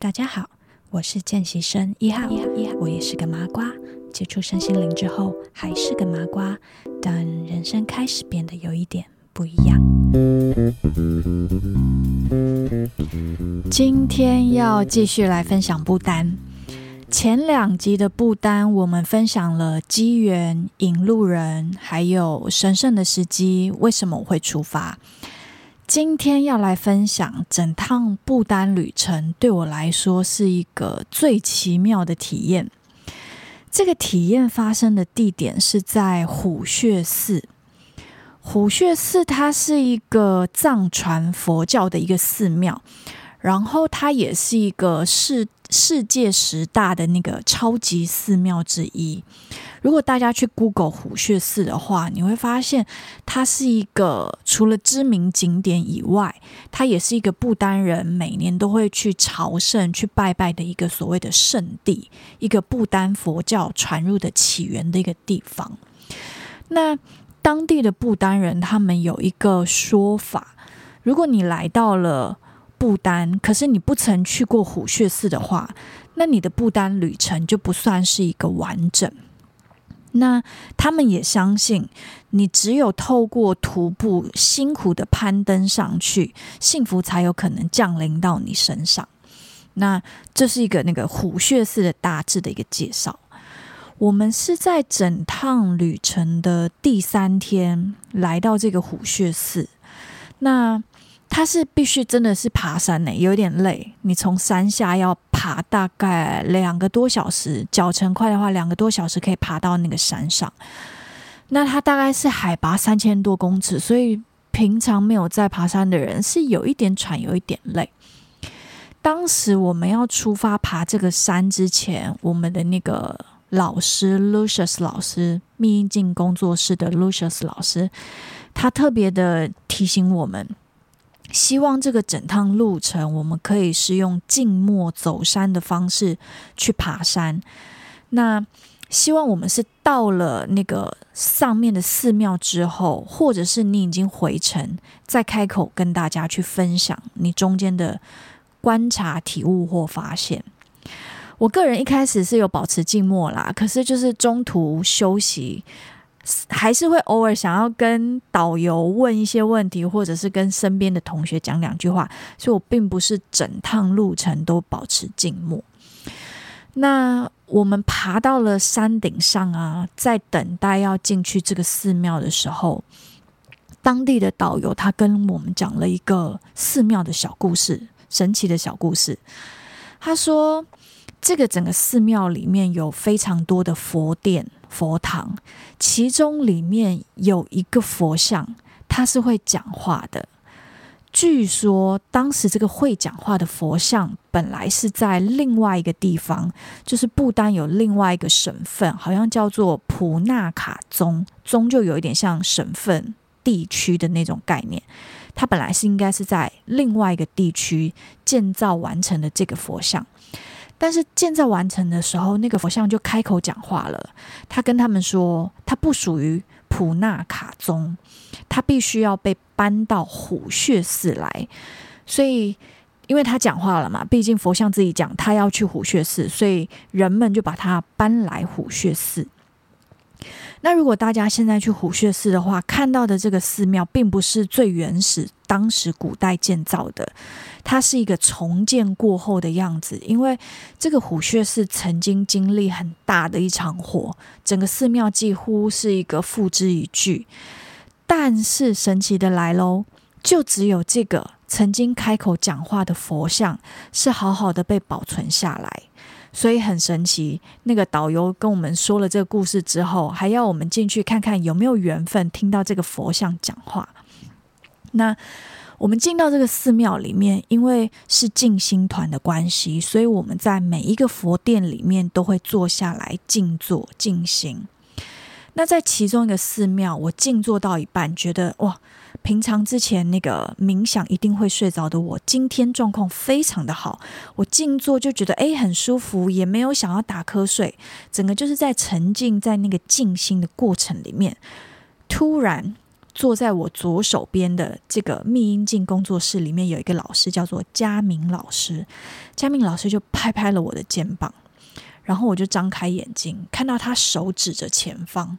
大家好，我是見習生一號，一號，一號，我也是個麻瓜。接觸身心靈之後，還是個麻瓜，但人生開始變得有一點不一樣。今天要繼續來分享不丹。前兩集的不丹，我們分享了機緣、引路人，還有神聖的時機。為什麼我會出發？今天要來分享整趟不丹旅程，對我來說是一個最奇妙的體驗。這個體驗發生的地點是在虎穴寺。虎穴寺它是一個藏傳佛教的一個寺廟，然後它也是一個是。世界十大的那個超級寺廟之一。如果大家去 Google 虎穴寺的話，你會發現它是一個除了知名景點以外，它也是一個不丹人每年都會去朝聖、去拜拜的一個所謂的聖地，一個不丹佛教傳入的起源的一個地方。那當地的不丹人他們有一個說法：如果你來到了。不丹，可是你不曾去過虎穴寺的話，那你的不丹旅程就不算是一個完整。那他們也相信，你只有透過徒步辛苦的攀登上去，幸福才有可能降臨到你身上。那這是一個那個虎穴寺的大致的一個介紹。我們是在整趟旅程的第三天來到這個虎穴寺。那。它是必須真的是爬山呢、欸，有點累。你從山下要爬大概兩個多小時，腳程快的話，兩個多小時可以爬到那個山上。那它大概是海拔三千多公尺，所以平常沒有在爬山的人是有一點喘，有一點累。當時我們要出發爬這個山之前，我們的那個老師 Lucius 老師，秘境工作室的 Lucius 老師，他特別的提醒我們。希望這個整趟路程，我們可以是用靜默走山的方式去爬山。那希望我們是到了那個上面的寺廟之後，或者是你已經回城，再開口跟大家去分享你中間的觀察、體悟或發現。我個人一開始是有保持靜默啦，可是就是中途休息。還是會偶爾想要跟導遊問一些問題，或者是跟身邊的同學講兩句話，所以我並不是整趟路程都保持靜默。那我們爬到了山頂上啊，在等待要進去這個寺廟的時候，當地的導遊他跟我們講了一個寺廟的小故事，神奇的小故事。他說。這個整個寺廟裡面有非常多的佛殿、佛堂，其中裡面有一個佛像，它是會講話的。據說當時這個會講話的佛像本來是在另外一個地方，就是不丹有另外一個省份，好像叫做普納卡宗，宗就有一點像省份、地區的那種概念。它本來是應該是在另外一個地區建造完成的這個佛像。但是建造完成的時候，那個佛像就開口講話了。他跟他們說，他不屬於普納卡宗，他必須要被搬到虎穴寺來。所以，因為他講話了嘛，畢竟佛像自己講，他要去虎穴寺，所以人們就把他搬來虎穴寺。那如果大家現在去虎穴寺的話，看到的這個寺廟並不是最原始、當時古代建造的，它是一個重建過後的樣子。因為這個虎穴寺曾經經歷很大的一場火，整個寺廟幾乎是一個付之一炬。但是神奇的來嘍，就只有這個曾經開口講話的佛像是好好的被保存下來。所以很神奇，那個導遊跟我們說了這個故事之後，還要我們進去看看有沒有緣分聽到這個佛像講話。那我們進到這個寺廟裡面，因為是靜心團的關係，所以我們在每一個佛殿裡面都會坐下來靜坐，靜心。那在其中一個寺廟，我靜坐到一半，覺得哇！平常之前那個冥想一定會睡着的我，今天狀況非常的好。我靜坐就覺得誒很舒服，也沒有想要打瞌睡，整個就是在沉浸在那個靜心的過程裡面。突然，坐在我左手邊的這個密音鏡工作室裡面有一個老師，叫做嘉明老師。嘉明老師就拍拍了我的肩膀，然後我就張開眼睛，看到他手指着前方，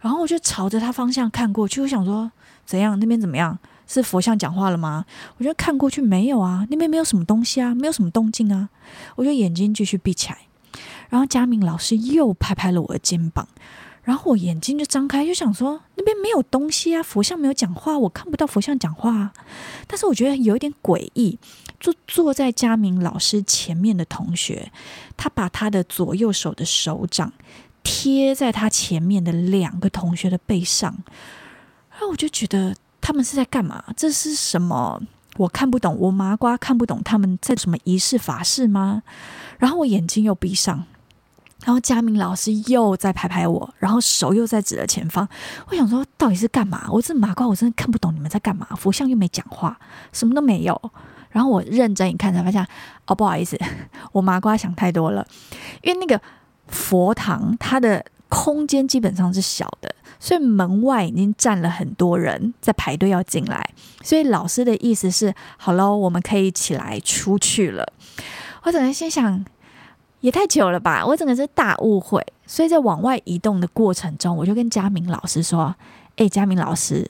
然後我就朝着他方向看過去，我想說。怎樣？那邊怎麼樣？是佛像講話了嗎？我覺得看過去沒有啊，那邊沒有什麼東西啊，沒有什麼動靜啊。我就眼睛繼續閉起來，然後佳明老師又拍拍了我的肩膀，然後我眼睛就張開，就想說那邊沒有東西啊，佛像沒有講話，我看不到佛像講話啊。但是我覺得有一點詭異，就坐在佳明老師前面的同學，他把他的左右手的手掌貼在他前面的兩個同學的背上。然後我就覺得他們是在幹嘛？這是什麼？我看不懂，我麻瓜看不懂他們在什麼儀式法事嗎？然後我眼睛又閉上，然後嘉明老師又在拍拍我，然後手又在指著前方。我想說，到底是幹嘛？我這麻瓜我真的看不懂你們在幹嘛？佛像又沒講話，什麼都沒有。然後我認真一看，才發現哦，不好意思，我麻瓜想太多了，因為那個佛堂它的。空間基本上是小的，所以門外已經站了很多人在排隊要進來。所以老師的意思是，好咯，我們可以起來出去了。我整個心想，也太久了吧？我整個是大誤會。所以在往外移動的過程中，我就跟嘉明老師說：“誒，嘉明老師。”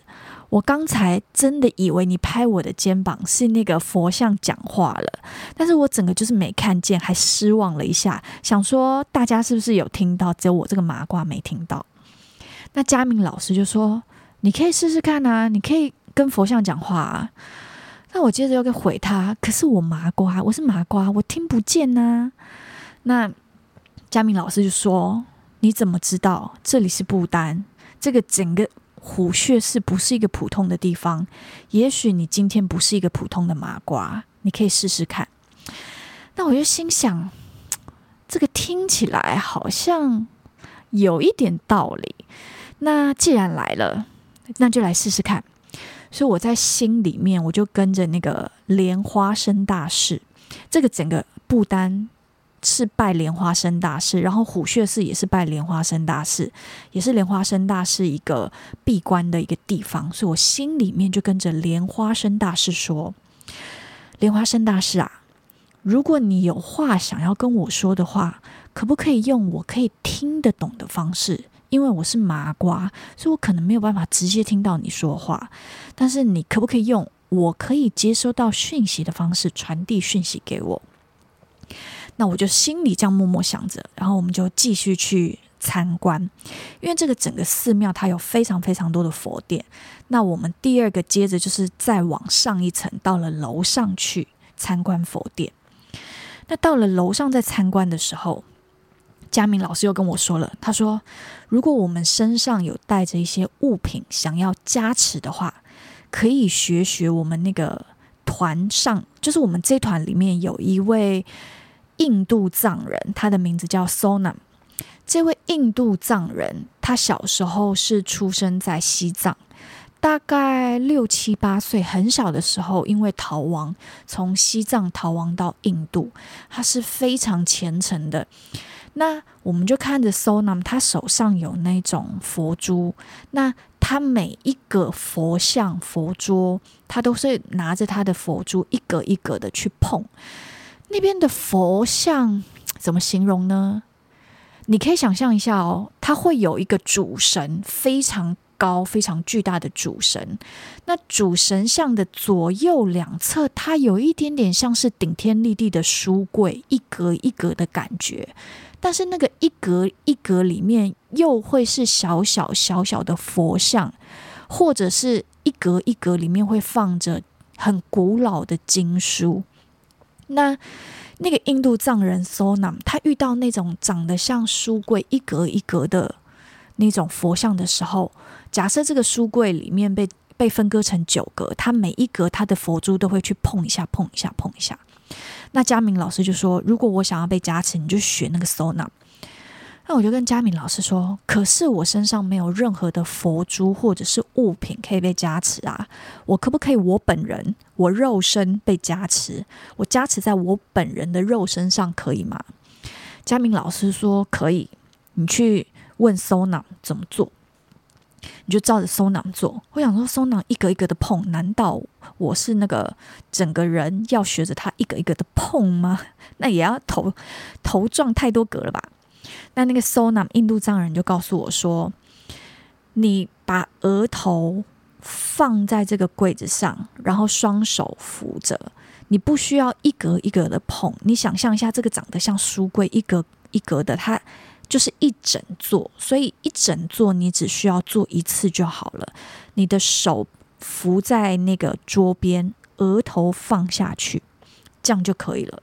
我剛才真的以為你拍我的肩膀是那個佛像講話了，但是我整個就是沒看見，還失望了一下，想說大家是不是有聽到，只有我這個麻瓜沒聽到。那佳明老師就說，你可以試試看啊，你可以跟佛像講話啊。那我接着又跟回他，可是我麻瓜，我是麻瓜，我聽不見吶啊。那佳明老師就說，你怎麼知道這裡是不丹？這個整個。虎穴是不是一個普通的地方？也許你今天不是一個普通的麻瓜，你可以試試看。那我就心想，這個聽起來好像有一點道理。那既然來了，那就來試試看。所以我在心裡面，我就跟着那個蓮花生大士，這個整個不丹，是拜蓮花生大師，然後虎穴寺也是拜蓮花生大師，也是蓮花生大師一個閉關的一個地方，所以我心裡面就跟着蓮花生大師說：“蓮花生大師啊，如果你有話想要跟我說的話，可不可以用我可以聽得懂的方式？因為我是麻瓜，所以我可能沒有辦法直接聽到你說話，但是你可不可以用我可以接收到訊息的方式傳遞訊息給我？”那我就心裡這樣默默想着，然後我們就繼續去參觀，因為這個整個寺廟它有非常非常多的佛殿。那我們第二個接着就是再往上一層，到了樓上去參觀佛殿。那到了樓上在參觀的時候，佳明老師又跟我說了，他說：“如果我們身上有帶着一些物品想要加持的話，可以學學我們那個團上，就是我們這團裡面有一位。”印度藏人，他的名字叫 Sonam。這位印度藏人，他小時候是出生在西藏，大概六七八歲，很小的時候，因為逃亡，從西藏逃亡到印度。他是非常虔誠的。那我們就看着 Sonam，他手上有那種佛珠，那他每一個佛像、佛珠，他都是拿着他的佛珠，一格一格的去碰。那邊的佛像怎麼形容呢？你可以想象一下哦，它會有一個主神，非常高、非常巨大的主神。那主神像的左右兩側，它有一點點像是頂天立地的書櫃，一格一格的感覺。但是那個一格一格裡面，又會是小小小小的佛像，或者是一格一格裡面會放着很古老的經書。那那個印度藏人 Sona，他遇到那種長得像書櫃一格一格的那種佛像的時候，假設這個書櫃裡面被被分割成九格，他每一格他的佛珠都會去碰一下、碰一下、碰一下。那嘉明老師就說：“如果我想要被加持，你就學那個 Sona。”那我就跟佳敏老師說：“可是我身上沒有任何的佛珠或者是物品可以被加持啊，我可不可以我本人我肉身被加持？我加持在我本人的肉身上可以嗎？”佳敏老師說：“可以，你去問收囊怎麼做，你就照着收囊做。”我想說，收囊一格一格的碰，難道我是那個整個人要學着他一格一格的碰嗎？那也要頭頭撞太多格了吧？那那個蘇南印度藏人就告訴我說：“你把額頭放在這個櫃子上，然後雙手扶着，你不需要一格一格的碰。你想象一下，這個長得像書櫃，一格一格的，它就是一整座。所以一整座你只需要做一次就好了。你的手扶在那個桌邊，額頭放下去，這樣就可以了。”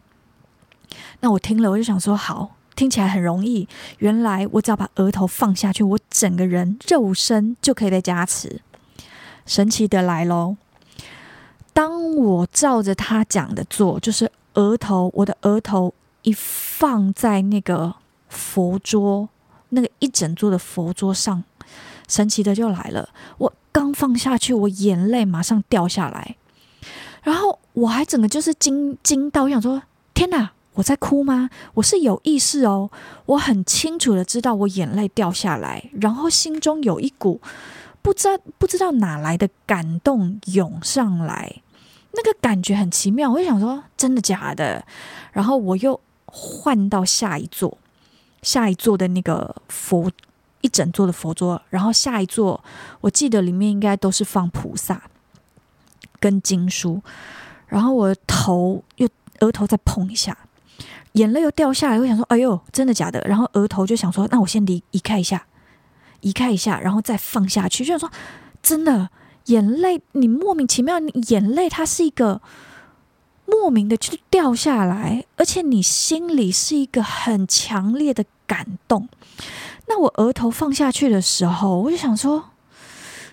那我聽了，我就想說：“好。”聽起來很容易。原來我只要把額頭放下去，我整個人肉身就可以被加持，神奇的來嘍！當我照着他講的做，就是額頭，我的額頭一放在那個佛桌，那個一整座的佛桌上，神奇的就來了。我剛放下去，我眼淚馬上掉下來，然後我還整個就是驚驚到，我想說：天哪！我在哭嗎？我是有意識哦，我很清楚的知道我眼淚掉下來，然後心中有一股不知道不知道哪來的感動湧上來，那個感覺很奇妙，我就想說真的假的？然後我又換到下一座，下一座的那個佛，一整座的佛桌，然後下一座我記得裡面應該都是放菩薩跟經書，然後我的頭又額頭再碰一下。眼淚又掉下來，我想說：“哎呦，真的假的？”然後額頭就想說：“那我先離移開一下，移開一下，然後再放下去。”就想說：“真的，眼淚你莫名其妙，你眼淚它是一個莫名的就掉下來，而且你心裡是一個很強烈的感動。”那我額頭放下去的時候，我就想說：“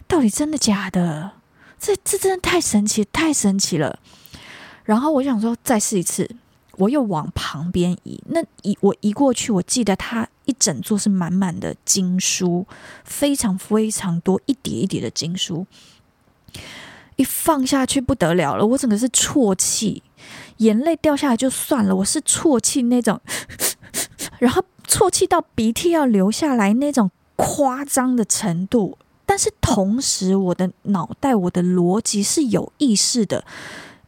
到底真的假的？這這真的太神奇，太神奇了！”然後我就想說：“再試一次。”我又往旁邊移，那移我移過去，我記得它一整座是滿滿的經書，非常非常多，一疊一疊的經書，一放下去不得了了，我整個是啜泣，眼淚掉下來就算了，我是啜泣那種， 然後啜泣到鼻涕要流下來那種誇張的程度，但是同時我的腦袋、我的邏輯是有意識的。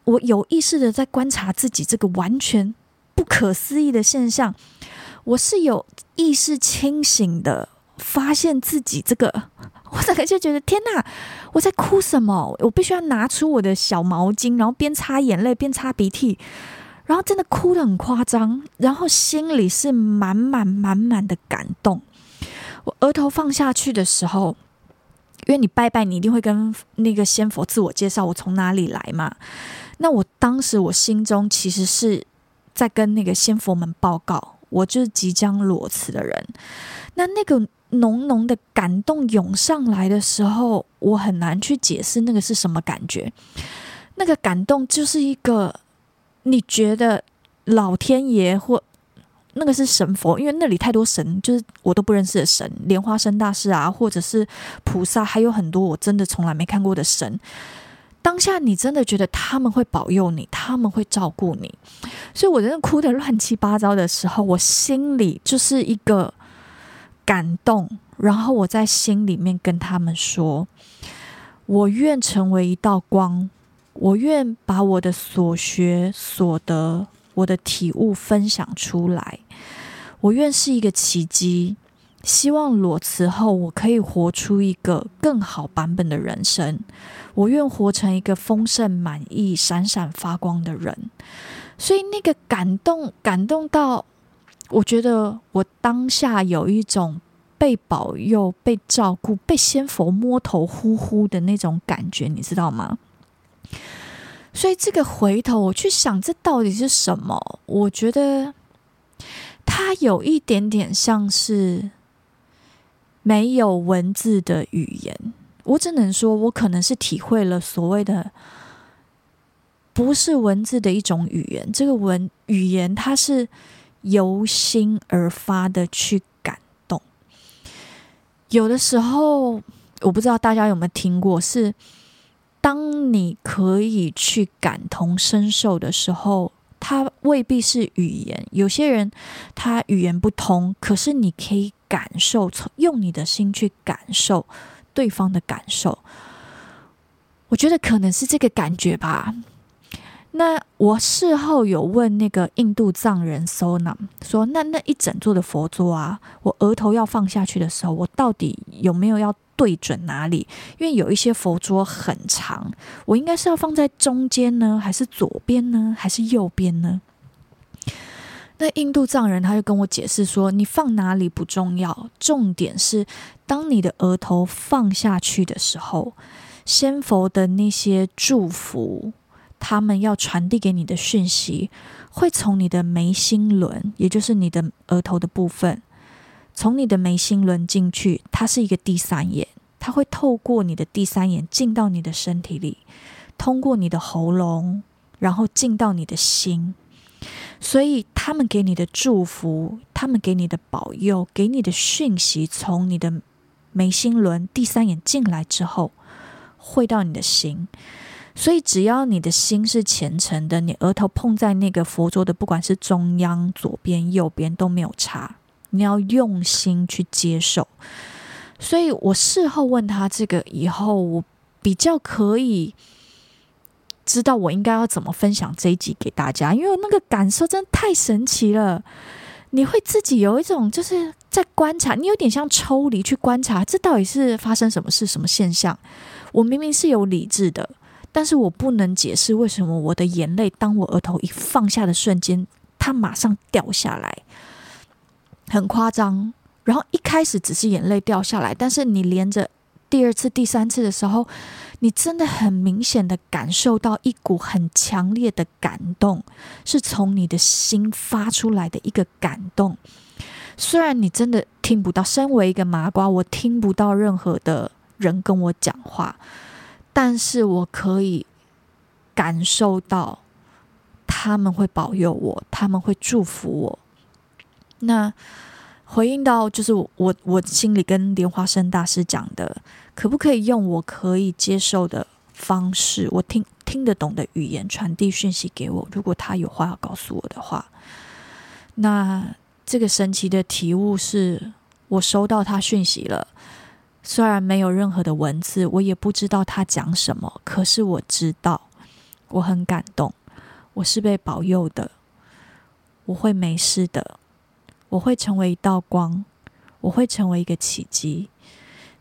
我有意識的在觀察自己這個完全不可思議的現象，我是有意識清醒的發現自己這個，我整個就覺得天哪，我在哭什麼？我必須要拿出我的小毛巾，然後邊擦眼淚邊擦鼻涕，然後真的哭得很誇張，然後心裡是滿滿滿滿的感動。我額頭放下去的時候，因為你拜拜，你一定會跟那個仙佛自我介紹，我從哪裡來嘛？那我當時，我心中其實是在跟那個仙佛們報告，我就是即將裸辭的人。那那個濃濃的感動湧上來的時候，我很難去解釋那個是什麼感覺。那個感動就是一個，你覺得老天爺或那個是神佛，因為那裡太多神，就是我都不認識的神，蓮花生大師啊，或者是菩薩，還有很多我真的從來沒看過的神。當下你真的覺得他們會保佑你，他們會照顧你，所以我真的哭得亂七八糟的時候，我心裡就是一個感動，然後我在心裡面跟他們說：“我願成為一道光，我願把我的所學所得、我的體悟分享出來，我願是一個奇蹟。”希望裸辭後，我可以活出一個更好版本的人生。我願活成一個豐盛、滿意、閃閃發光的人。所以那個感動，感動到我覺得我當下有一種被保佑、被照顧、被仙佛摸頭呼呼的那種感覺，你知道嗎？所以這個回頭我去想，這到底是什麼？我覺得它有一點點像是，沒有文字的語言，我只能說，我可能是體會了所謂的不是文字的一種語言。這個文語言，它是由心而發的，去感動。有的時候，我不知道大家有沒有聽過，是當你可以去感同身受的時候，它未必是語言。有些人他語言不通，可是你可以。感受，從用你的心去感受對方的感受。我覺得可能是這個感覺吧。那我事後有問那個印度藏人 Sonam 說那：“那那一整座的佛桌啊，我額頭要放下去的時候，我到底有沒有要對準哪裡？因為有一些佛桌很長，我應該是要放在中間呢，還是左邊呢，還是右邊呢？”那印度藏人他就跟我解釋說：“你放哪裡不重要，重點是當你的額頭放下去的時候，仙佛的那些祝福，他們要傳遞給你的訊息，會從你的眉心輪，也就是你的額頭的部分，從你的眉心輪進去，它是一個第三眼，它會透過你的第三眼進到你的身體裡，通過你的喉嚨，然後進到你的心。”所以，他們給你的祝福，他們給你的保佑，給你的訊息，從你的眉心輪、第三眼進來之後，會到你的心。所以，只要你的心是虔誠的，你額頭碰在那個佛桌的，不管是中央、左邊、右邊都沒有差。你要用心去接受。所以我事後問他這個以後，我比較可以。知道我應該要怎麼分享這一集給大家，因為那個感受真的太神奇了。你會自己有一種就是在觀察，你有點像抽離去觀察，這到底是發生什麼事，什麼現象？我明明是有理智的，但是我不能解釋為什麼我的眼淚，當我額頭一放下的瞬間，它馬上掉下來，很誇張。然後一開始只是眼淚掉下來，但是你連着。第二次、第三次的時候，你真的很明顯的感受到一股很強烈的感動，是從你的心發出來的一個感動。雖然你真的聽不到，身為一個麻瓜，我聽不到任何的人跟我講話，但是我可以感受到，他們會保佑我，他們會祝福我。那回應到，就是我我心裡跟蓮花生大師講的，可不可以用我可以接受的方式，我聽聽得懂的語言傳遞訊息給我？如果他有話要告訴我的話，那這個神奇的體悟是我收到他訊息了，雖然沒有任何的文字，我也不知道他講什麼，可是我知道，我很感動，我是被保佑的，我會沒事的。我會成為一道光，我會成為一個奇蹟。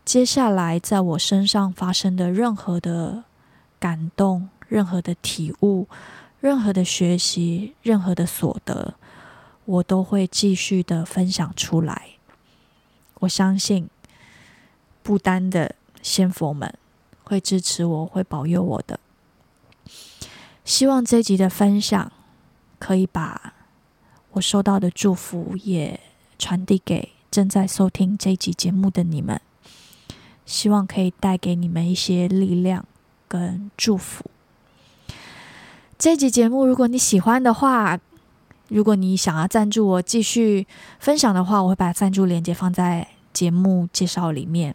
接下來在我身上發生的任何的感動、任何的體悟、任何的學習、任何的所得，我都會繼續的分享出來。我相信，不丹的仙佛們會支持我，會保佑我的。希望這集的分享可以把我收到的祝福也傳遞給正在收聽這一集節目的你們，希望可以帶給你們一些力量跟祝福。這一集節目如果你喜歡的話，如果你想要贊助我繼續分享的話，我會把贊助鏈接放在節目介紹裡面。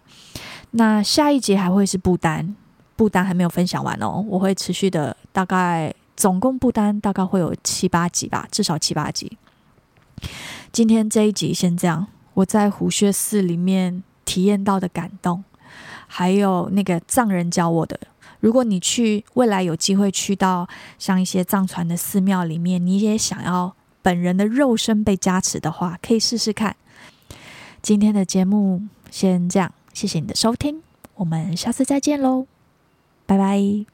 那下一集還會是不丹，不丹還沒有分享完哦，我會持續的，大概總共不丹大概會有七八集吧，至少七八集。今天這一集先這樣。我在虎穴寺裡面體驗到的感動，還有那個藏人教我的，如果你去未來有機會去到像一些藏傳的寺廟裡面，你也想要本人的肉身被加持的話，可以試試看。今天的節目先這樣，謝謝你的收聽，我們下次再見嘍，拜拜。